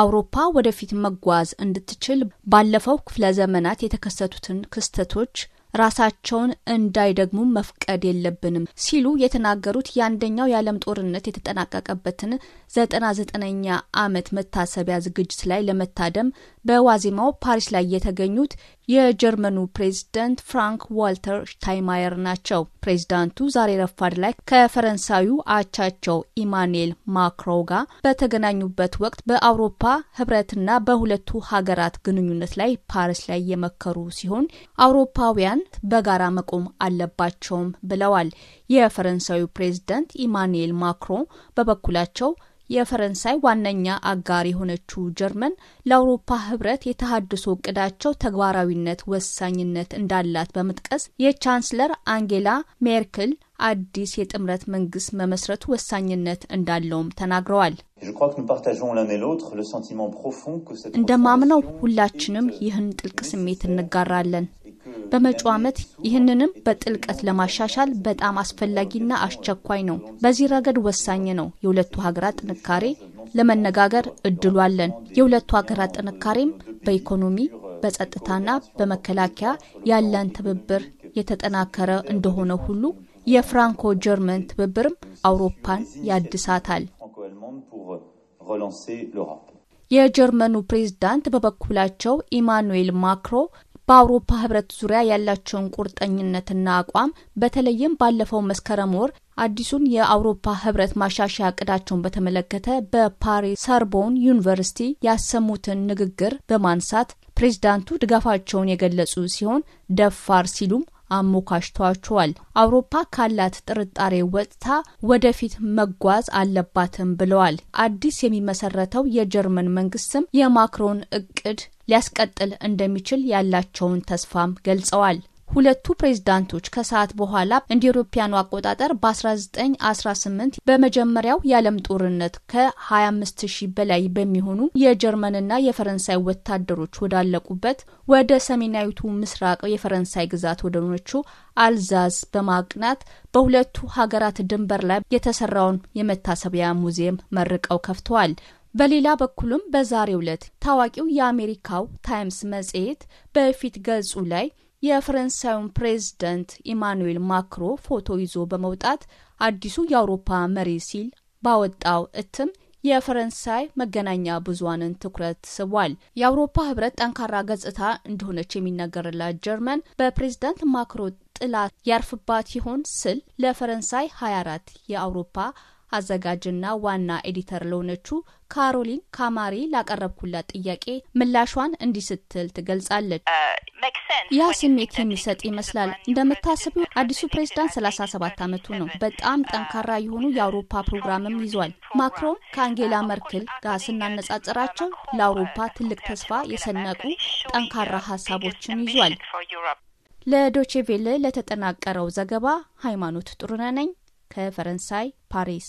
አውሮፓ ወደፊት መጓዝ እንድትችል ባለፈው ክፍለ ዘመናት የተከሰቱትን ክስተቶች ራሳቸውን እንዳይደግሙ መፍቀድ የለብንም ሲሉ የተናገሩት የአንደኛው የዓለም ጦርነት የተጠናቀቀበትን ዘጠና ዘጠነኛ ዓመት መታሰቢያ ዝግጅት ላይ ለመታደም በዋዜማው ፓሪስ ላይ የተገኙት የጀርመኑ ፕሬዝደንት ፍራንክ ዋልተር ሽታይማየር ናቸው። ፕሬዝዳንቱ ዛሬ ረፋድ ላይ ከፈረንሳዩ አቻቸው ኢማኑኤል ማክሮ ጋር በተገናኙበት ወቅት በአውሮፓ ህብረትና በሁለቱ ሀገራት ግንኙነት ላይ ፓሪስ ላይ የመከሩ ሲሆን አውሮፓውያን በጋራ መቆም አለባቸውም ብለዋል። የፈረንሳዩ ፕሬዝደንት ኢማኑኤል ማክሮ በበኩላቸው የፈረንሳይ ዋነኛ አጋር የሆነችው ጀርመን ለአውሮፓ ህብረት የተሃድሶ እቅዳቸው ተግባራዊነት ወሳኝነት እንዳላት በመጥቀስ የቻንስለር አንጌላ ሜርክል አዲስ የጥምረት መንግስት መመስረቱ ወሳኝነት እንዳለውም ተናግረዋል። እንደማምነው ሁላችንም ይህን ጥልቅ ስሜት እንጋራለን። በመጪው ዓመት ይህንንም በጥልቀት ለማሻሻል በጣም አስፈላጊና አስቸኳይ ነው። በዚህ ረገድ ወሳኝ ነው። የሁለቱ ሀገራት ጥንካሬ ለመነጋገር እድሉ አለን። የሁለቱ ሀገራት ጥንካሬም በኢኮኖሚ በጸጥታና በመከላከያ ያለን ትብብር የተጠናከረ እንደሆነ ሁሉ የፍራንኮ ጀርመን ትብብርም አውሮፓን ያድሳታል። የጀርመኑ ፕሬዝዳንት በበኩላቸው ኢማኑኤል ማክሮ በአውሮፓ ህብረት ዙሪያ ያላቸውን ቁርጠኝነትና አቋም በተለይም ባለፈው መስከረም ወር አዲሱን የአውሮፓ ህብረት ማሻሻያ እቅዳቸውን በተመለከተ በፓሪስ ሰርቦን ዩኒቨርሲቲ ያሰሙትን ንግግር በማንሳት ፕሬዚዳንቱ ድጋፋቸውን የገለጹ ሲሆን ደፋር ሲሉም አሞካሽቷቸዋል። አውሮፓ ካላት ጥርጣሬ ወጥታ ወደፊት መጓዝ አለባትም ብለዋል። አዲስ የሚመሰረተው የጀርመን መንግስትም የማክሮን እቅድ ሊያስቀጥል እንደሚችል ያላቸውን ተስፋም ገልጸዋል። ሁለቱ ፕሬዝዳንቶች ከሰዓት በኋላ እንደ አውሮፓውያኑ አቆጣጠር በ1918 በመጀመሪያው የዓለም ጦርነት ከ25000 በላይ በሚሆኑ የጀርመንና የፈረንሳይ ወታደሮች ወዳለቁበት ወደ ሰሜናዊቱ ምስራቅ የፈረንሳይ ግዛት ወደሆነችው አልዛዝ በማቅናት በሁለቱ ሀገራት ድንበር ላይ የተሰራውን የመታሰቢያ ሙዚየም መርቀው ከፍተዋል። በሌላ በኩልም በዛሬው ዕለት ታዋቂው የአሜሪካው ታይምስ መጽሔት በፊት ገጹ ላይ የፈረንሳዩን ፕሬዝደንት ኢማኑኤል ማክሮ ፎቶ ይዞ በመውጣት አዲሱ የአውሮፓ መሪ ሲል ባወጣው እትም የፈረንሳይ መገናኛ ብዙሃንን ትኩረት ስቧል። የአውሮፓ ህብረት ጠንካራ ገጽታ እንደሆነች የሚነገርላት ጀርመን በፕሬዝዳንት ማክሮ ጥላ ያርፍባት ይሆን ስል ለፈረንሳይ 24 የአውሮፓ አዘጋጅና ዋና ኤዲተር ለሆነችው ካሮሊን ካማሪ ላቀረብኩላት ጥያቄ ምላሿን እንዲህ ስትል ትገልጻለች። uh, ያ ስሜት የሚሰጥ ይመስላል። እንደምታስበው አዲሱ ፕሬዝዳንት ሰላሳ ሰባት ዓመቱ ነው። በጣም uh, ጠንካራ የሆኑ የአውሮፓ ፕሮግራምም ይዟል። ማክሮን ከአንጌላ uh, መርክል ጋር ስናነጻጽራቸው ለአውሮፓ ትልቅ ተስፋ የሰነቁ ጠንካራ ሀሳቦችን ይዟል። ለዶቼ ቬለ ለተጠናቀረው ዘገባ ሃይማኖት ጥሩነህ ነኝ። ከፈረንሳይ ፓሪስ